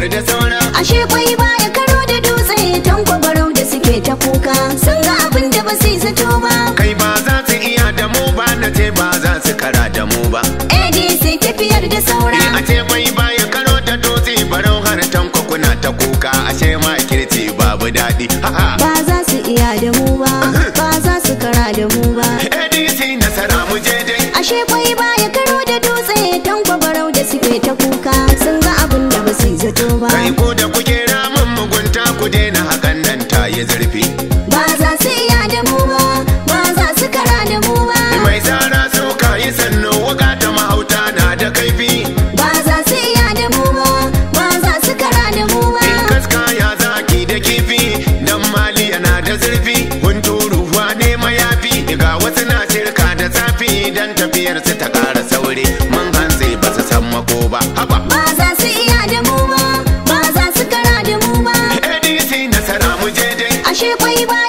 better just ko da kuke ramin mugunta ku daina hakan nan ta yi zurfi ba za su iya da mu ba ba za su kara da mu ba mai tsara sauka yi sannu waka ta mahauta na da kaifi ba za su iya da mu ba ba za su kara da mu ba in kaska ya zaki da kifi dan mali yana da zurfi hunturu ruwa ne mayafi daga wasu na shirka da zafi dan tafiyarsu ta kara sauri mun hantsi ba su san mako ba haba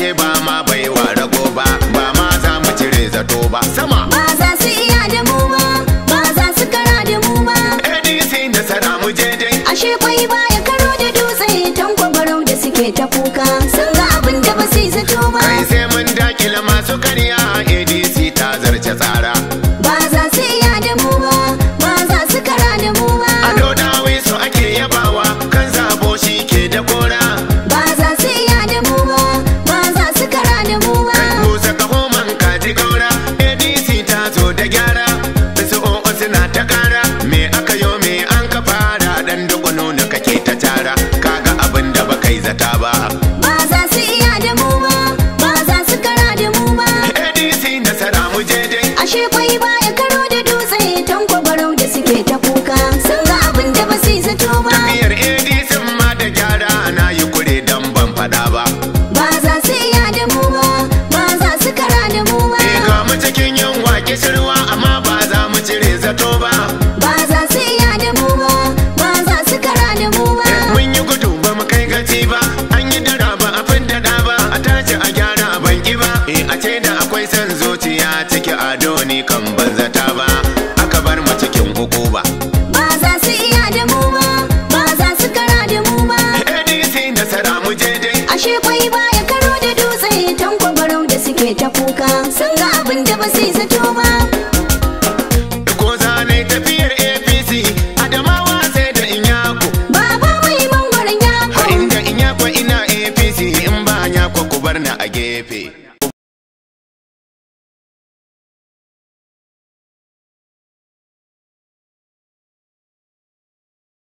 ce ba ma baiwa rago ba ba ma za mu cire zato ba sama doni kan banzata ba aka bar mu cikin hukuma ba za su iya da mu ba ba za su kara da mu ba ADC nasara mu je dai ashe kwai ya karo da dutse tankwa barau da suke ta kuka sun ga abin da ba su yi zato ba ina APC in ba ko kwakubar na a gefe.